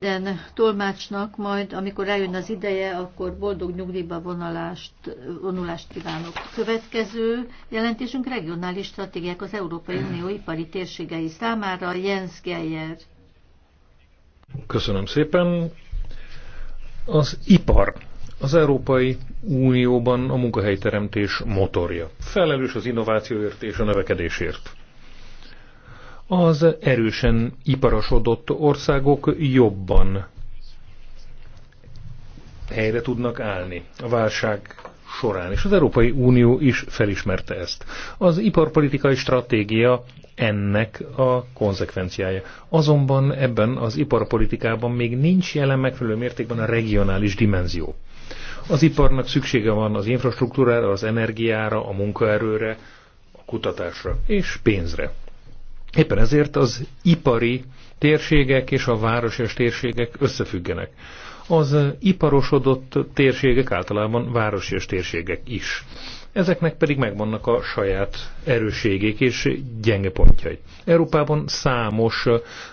minden tolmácsnak majd, amikor eljön az ideje, akkor boldog nyugdíjba vonalást, vonulást kívánok. Következő jelentésünk regionális stratégiák az Európai Unió ipari térségei számára, Jens Geyer. Köszönöm szépen. Az ipar az Európai Unióban a munkahelyteremtés motorja. Felelős az innovációért és a növekedésért az erősen iparosodott országok jobban helyre tudnak állni a válság során, és az Európai Unió is felismerte ezt. Az iparpolitikai stratégia ennek a konzekvenciája. Azonban ebben az iparpolitikában még nincs jelen megfelelő mértékben a regionális dimenzió. Az iparnak szüksége van az infrastruktúrára, az energiára, a munkaerőre, a kutatásra és pénzre. Éppen ezért az ipari térségek és a városes térségek összefüggenek. Az iparosodott térségek általában városes térségek is. Ezeknek pedig megvannak a saját erősségék és gyenge pontjai. Európában számos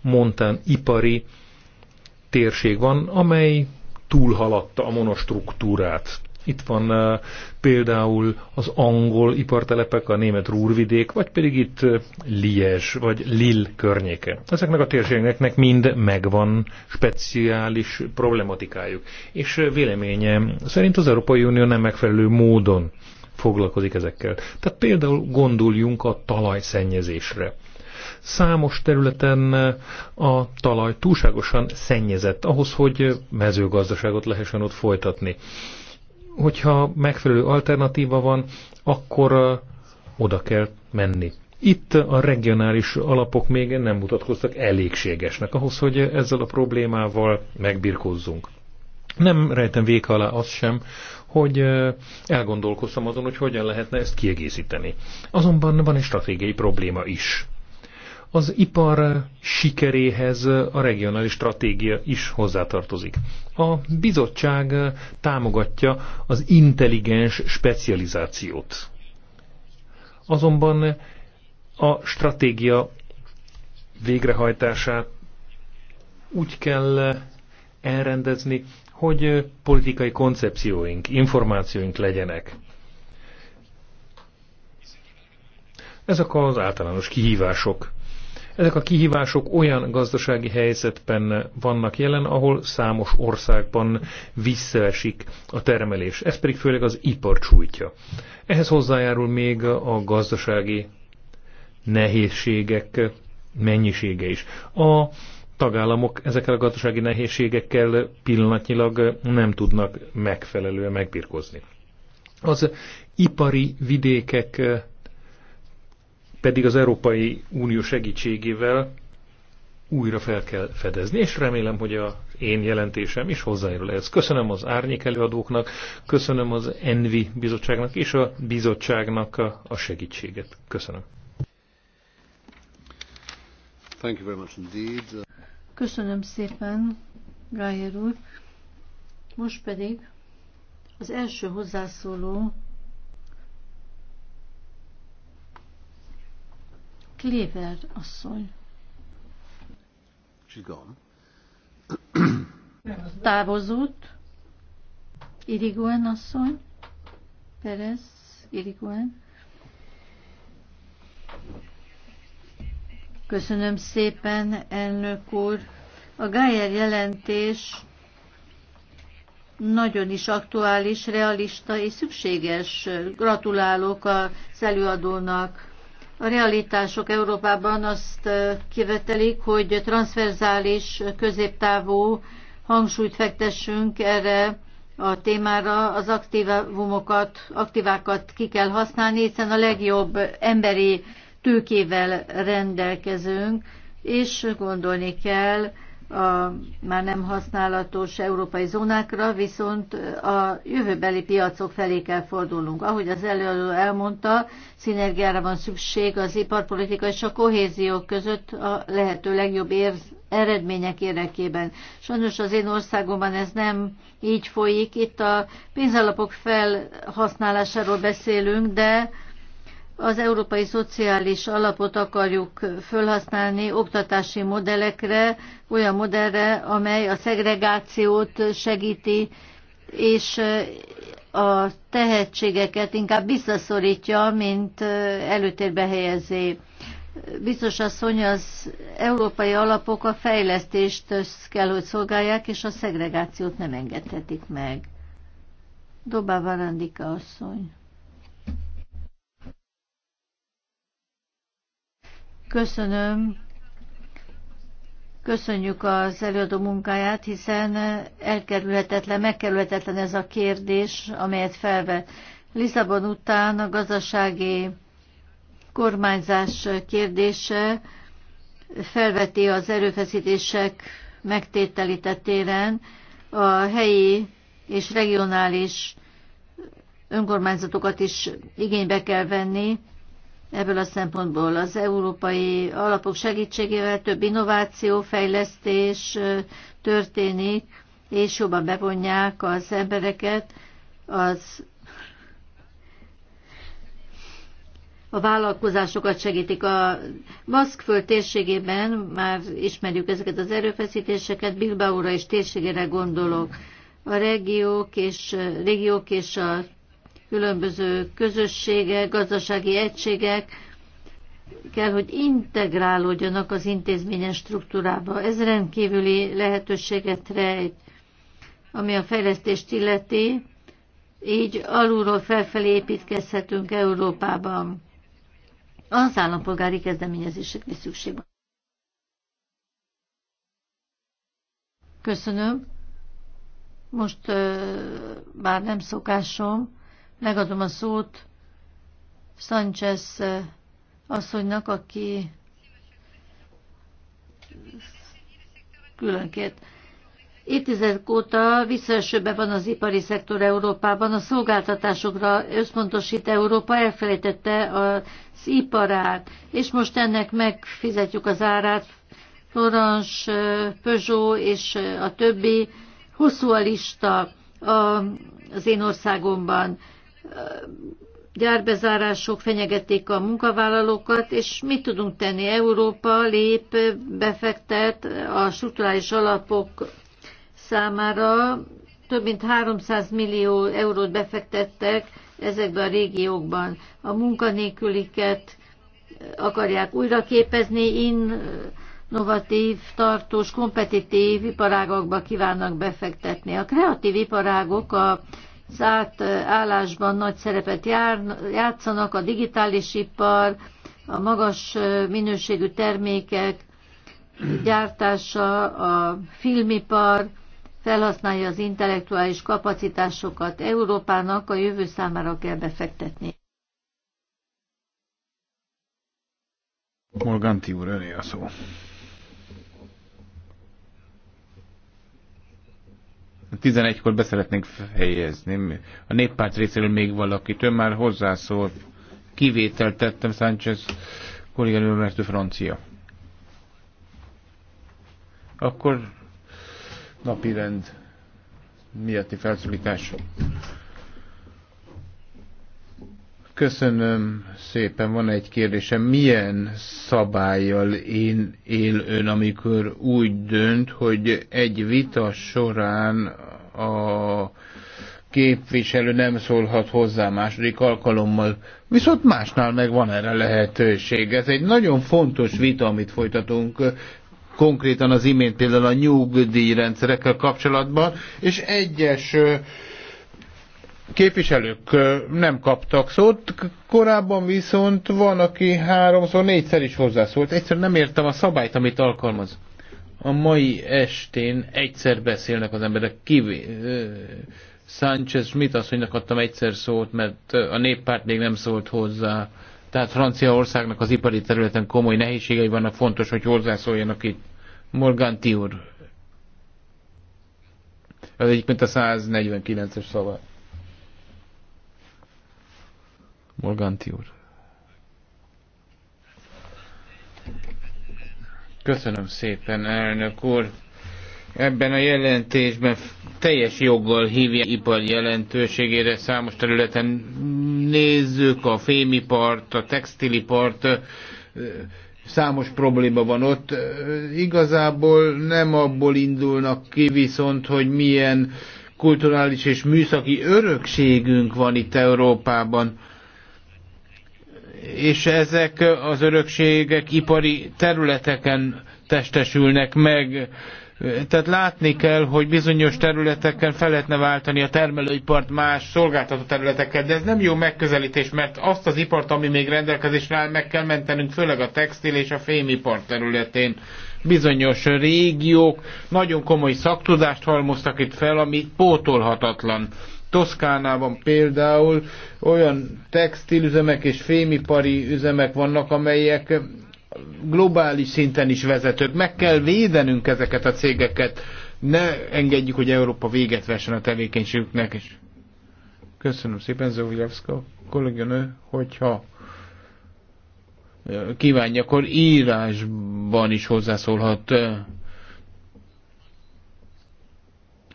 montán ipari térség van, amely túlhaladta a monostruktúrát, itt van például az angol ipartelepek, a német rúrvidék, vagy pedig itt Liège, vagy Lille környéke. Ezeknek a térségeknek mind megvan speciális problematikájuk. És véleményem szerint az Európai Unió nem megfelelő módon foglalkozik ezekkel. Tehát például gondoljunk a talajszennyezésre. Számos területen a talaj túlságosan szennyezett ahhoz, hogy mezőgazdaságot lehessen ott folytatni hogyha megfelelő alternatíva van, akkor oda kell menni. Itt a regionális alapok még nem mutatkoztak elégségesnek ahhoz, hogy ezzel a problémával megbirkózzunk. Nem rejtem véka alá azt sem, hogy elgondolkoztam azon, hogy hogyan lehetne ezt kiegészíteni. Azonban van egy stratégiai probléma is. Az ipar sikeréhez a regionális stratégia is hozzátartozik. A bizottság támogatja az intelligens specializációt. Azonban a stratégia végrehajtását úgy kell elrendezni, hogy politikai koncepcióink, információink legyenek. Ezek az általános kihívások, ezek a kihívások olyan gazdasági helyzetben vannak jelen, ahol számos országban visszaesik a termelés. Ez pedig főleg az ipar csújtja. Ehhez hozzájárul még a gazdasági nehézségek mennyisége is. A tagállamok ezekkel a gazdasági nehézségekkel pillanatnyilag nem tudnak megfelelően megbirkozni. Az ipari vidékek pedig az Európai Unió segítségével újra fel kell fedezni, és remélem, hogy a én jelentésem is hozzájárul ehhez. Köszönöm az árnyék előadóknak, köszönöm az Envi bizottságnak és a bizottságnak a segítséget. Köszönöm. Thank you very much indeed. Köszönöm szépen, Gájer úr. Most pedig az első hozzászóló Kléver asszony. Csigam. Távozott. Irigóen asszony. Perez, Irigóen. Köszönöm szépen, elnök úr. A Gájer jelentés nagyon is aktuális, realista és szükséges. Gratulálok a előadónak a realitások Európában azt kivetelik, hogy transzverzális középtávú hangsúlyt fektessünk erre a témára, az aktívumokat, aktívákat ki kell használni, hiszen a legjobb emberi tőkével rendelkezünk, és gondolni kell a már nem használatos európai zónákra, viszont a jövőbeli piacok felé kell fordulnunk. Ahogy az előadó elmondta, szinergiára van szükség az iparpolitika és a kohézió között a lehető legjobb érz eredmények érdekében. Sajnos az én országomban ez nem így folyik. Itt a pénzalapok felhasználásáról beszélünk, de az európai szociális alapot akarjuk felhasználni oktatási modellekre, olyan modellre, amely a szegregációt segíti, és a tehetségeket inkább visszaszorítja, mint előtérbe helyezi. Biztos asszony, az európai alapok a fejlesztést kell, hogy szolgálják, és a szegregációt nem engedhetik meg. Dobá Varandika asszony. Köszönöm. Köszönjük az előadó munkáját, hiszen elkerülhetetlen, megkerülhetetlen ez a kérdés, amelyet felvet. Lisszabon után a gazdasági kormányzás kérdése felveti az erőfeszítések megtételített a helyi és regionális önkormányzatokat is igénybe kell venni, Ebből a szempontból az európai alapok segítségével több innováció, fejlesztés történik, és jobban bevonják az embereket az a vállalkozásokat segítik. A Maszkföld térségében már ismerjük ezeket az erőfeszítéseket, Bilbaóra és térségére gondolok. A régiók és, régiók és a különböző közösségek, gazdasági egységek kell, hogy integrálódjanak az intézményes struktúrába. Ez rendkívüli lehetőséget rejt, ami a fejlesztést illeti, így alulról felfelé építkezhetünk Európában. Az állampolgári kezdeményezésekre szükség van. Köszönöm. Most bár nem szokásom, Megadom a szót Sanchez eh, asszonynak, aki különként. Évtizedek óta visszaesőben van az ipari szektor Európában, a szolgáltatásokra összpontosít Európa, elfelejtette az iparát, és most ennek megfizetjük az árát. Florence, eh, Peugeot és eh, a többi, hosszú a lista az én országomban gyárbezárások fenyegették a munkavállalókat, és mit tudunk tenni? Európa lép, befektet a struktúrális alapok számára, több mint 300 millió eurót befektettek ezekbe a régiókban. A munkanélküliket akarják újra képezni, innovatív, tartós, kompetitív iparágokba kívánnak befektetni. A kreatív iparágok a zárt állásban nagy szerepet jár, játszanak a digitális ipar, a magas minőségű termékek gyártása, a filmipar felhasználja az intellektuális kapacitásokat. Európának a jövő számára kell befektetni. Morganti úr, a szó. 11-kor beszeretnénk fejezni. A néppárt részéről még valaki, ő már hozzászólt. Kivételt tettem Sánchez kolléganő, mert ő francia. Akkor napirend miatti felszólítás. Köszönöm szépen. Van egy kérdésem. Milyen szabályjal én él ön, amikor úgy dönt, hogy egy vita során a képviselő nem szólhat hozzá második alkalommal. Viszont másnál meg van erre lehetőség. Ez egy nagyon fontos vita, amit folytatunk konkrétan az imént például a nyugdíjrendszerekkel kapcsolatban, és egyes képviselők nem kaptak szót, korábban viszont van, aki háromszor, négyszer is hozzászólt. Egyszer nem értem a szabályt, amit alkalmaz. A mai estén egyszer beszélnek az emberek, kivé... Sánchez Schmidt asszonynak adtam egyszer szót, mert a néppárt még nem szólt hozzá. Tehát Franciaországnak az ipari területen komoly nehézségei vannak, fontos, hogy hozzászóljanak itt. Morgan Tiur. Az egyik, mint a 149-es szava. Morganti úr. Köszönöm szépen, elnök úr. Ebben a jelentésben teljes joggal hívja ipar jelentőségére számos területen. Nézzük a fémipart, a textilipart, számos probléma van ott. Igazából nem abból indulnak ki viszont, hogy milyen kulturális és műszaki örökségünk van itt Európában és ezek az örökségek ipari területeken testesülnek meg. Tehát látni kell, hogy bizonyos területeken fel lehetne váltani a termelőipart más szolgáltató területekkel, de ez nem jó megközelítés, mert azt az ipart, ami még rendelkezésre áll, meg kell mentenünk, főleg a textil és a fémipar területén. Bizonyos régiók nagyon komoly szaktudást halmoztak itt fel, ami pótolhatatlan. Toszkánában például olyan textilüzemek és fémipari üzemek vannak, amelyek globális szinten is vezetők. Meg kell védenünk ezeket a cégeket. Ne engedjük, hogy Európa véget vessen a tevékenységüknek. És köszönöm szépen, Zóvievszka kolléganő, hogyha kívánja, akkor írásban is hozzászólhat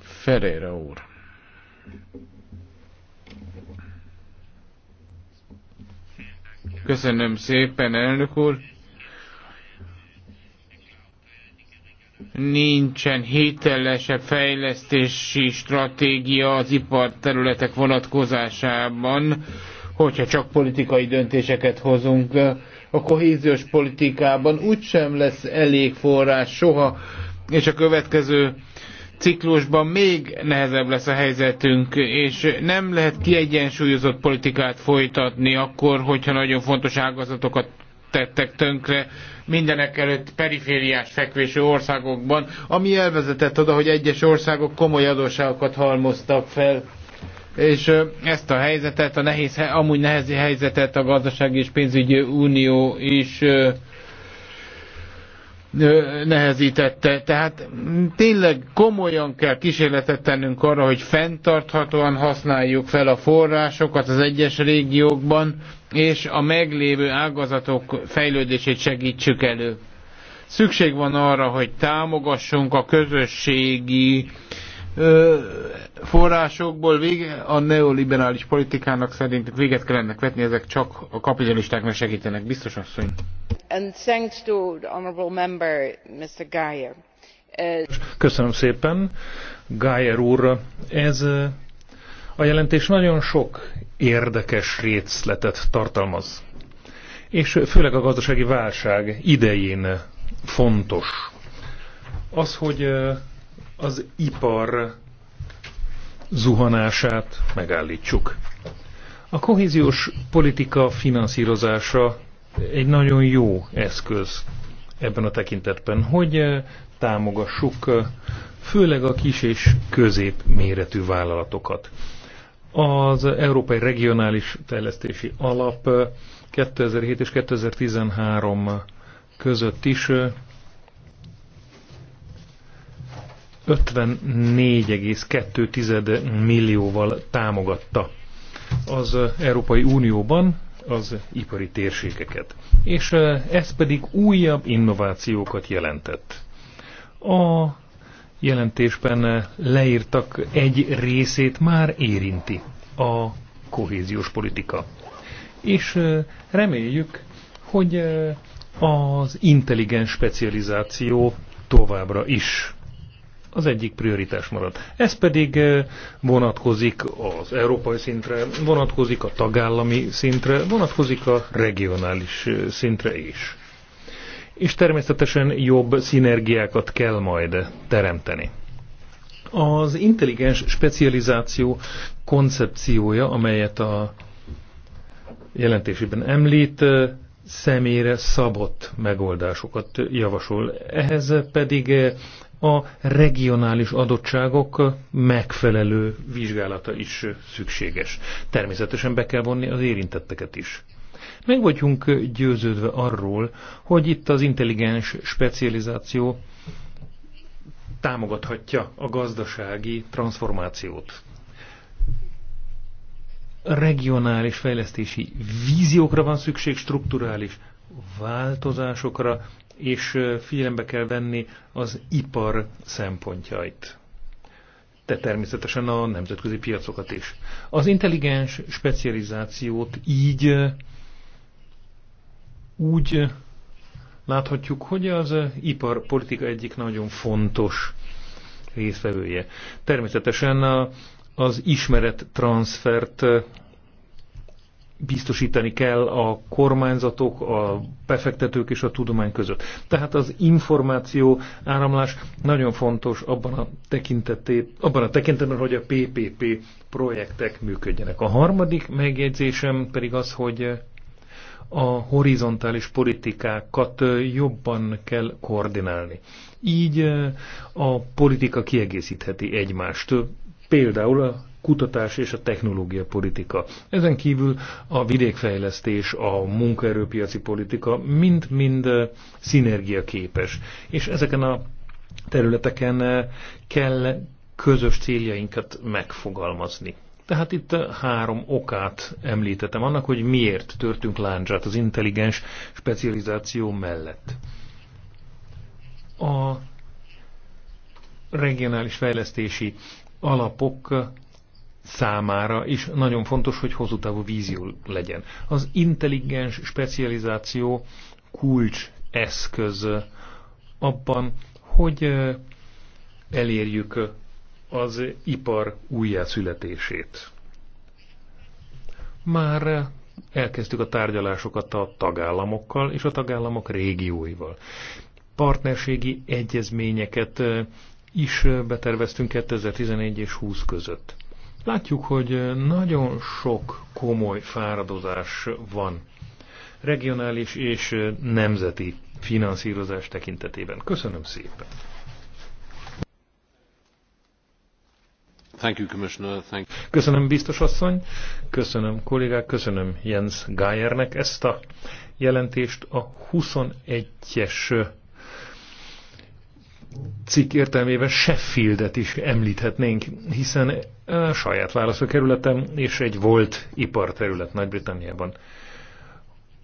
Ferreira úr. Köszönöm szépen, elnök úr. nincsen hitelesebb fejlesztési stratégia az iparterületek vonatkozásában, hogyha csak politikai döntéseket hozunk. A kohéziós politikában úgysem lesz elég forrás soha, és a következő ciklusban még nehezebb lesz a helyzetünk, és nem lehet kiegyensúlyozott politikát folytatni akkor, hogyha nagyon fontos ágazatokat tettek tönkre mindenek előtt perifériás fekvésű országokban, ami elvezetett oda, hogy egyes országok komoly adósságokat halmoztak fel. És ezt a helyzetet, a nehéz, amúgy nehéz helyzetet a gazdasági és pénzügyi unió is nehezítette. Tehát tényleg komolyan kell kísérletet tennünk arra, hogy fenntarthatóan használjuk fel a forrásokat az egyes régiókban, és a meglévő ágazatok fejlődését segítsük elő. Szükség van arra, hogy támogassunk a közösségi forrásokból vége, a neoliberális politikának szerint véget ennek vetni, ezek csak a kapitalistáknak segítenek. Biztos asszony and thanks to the honourable member, Mr. geier. Uh, Köszönöm szépen, Geyer úr. Ez uh, a jelentés nagyon sok érdekes részletet tartalmaz. És főleg a gazdasági válság idején fontos az, hogy uh, az ipar zuhanását megállítsuk. A kohéziós politika finanszírozása egy nagyon jó eszköz ebben a tekintetben, hogy eh, támogassuk eh, főleg a kis és közép méretű vállalatokat. Az Európai Regionális Fejlesztési Alap 2007 eh, és 2013 között is 54,2 millióval támogatta az Európai Unióban az ipari térségeket. És ez pedig újabb innovációkat jelentett. A jelentésben leírtak egy részét már érinti a kohéziós politika. És reméljük, hogy az intelligens specializáció továbbra is az egyik prioritás marad. Ez pedig vonatkozik az európai szintre, vonatkozik a tagállami szintre, vonatkozik a regionális szintre is. És természetesen jobb szinergiákat kell majd teremteni. Az intelligens specializáció koncepciója, amelyet a jelentésében említ, személyre szabott megoldásokat javasol. Ehhez pedig a regionális adottságok megfelelő vizsgálata is szükséges. Természetesen be kell vonni az érintetteket is. Meg vagyunk győződve arról, hogy itt az intelligens specializáció támogathatja a gazdasági transformációt. Regionális fejlesztési víziókra van szükség, strukturális változásokra, és figyelembe kell venni az ipar szempontjait. De természetesen a nemzetközi piacokat is. Az intelligens specializációt így úgy láthatjuk, hogy az iparpolitika egyik nagyon fontos részvevője. Természetesen a az ismeret transfert biztosítani kell a kormányzatok, a befektetők és a tudomány között. Tehát az információ áramlás nagyon fontos abban a, abban a tekintetben, hogy a PPP projektek működjenek. A harmadik megjegyzésem pedig az, hogy a horizontális politikákat jobban kell koordinálni. Így a politika kiegészítheti egymást. Például a kutatás és a technológia politika. Ezen kívül a vidékfejlesztés, a munkaerőpiaci politika mind-mind szinergiaképes. És ezeken a területeken kell közös céljainkat megfogalmazni. Tehát itt három okát említettem annak, hogy miért törtünk láncsát az intelligens specializáció mellett. A regionális fejlesztési alapok számára is nagyon fontos, hogy hozutávú vízió legyen. Az intelligens specializáció kulcs eszköz abban, hogy elérjük az ipar újjászületését. Már elkezdtük a tárgyalásokat a tagállamokkal és a tagállamok régióival. Partnerségi egyezményeket is beterveztünk 2011 és 20 között. Látjuk, hogy nagyon sok komoly fáradozás van regionális és nemzeti finanszírozás tekintetében. Köszönöm szépen! Thank you, Commissioner. Thank you. Köszönöm, biztos asszony, köszönöm kollégák, köszönöm Jens Gájernek ezt a jelentést a 21-es cikk értelmében Sheffieldet is említhetnénk, hiszen a saját választókerületem és egy volt iparterület Nagy-Britanniában.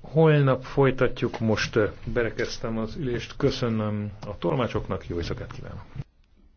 Holnap folytatjuk, most berekeztem az ülést, köszönöm a tolmácsoknak, jó éjszakát kívánok!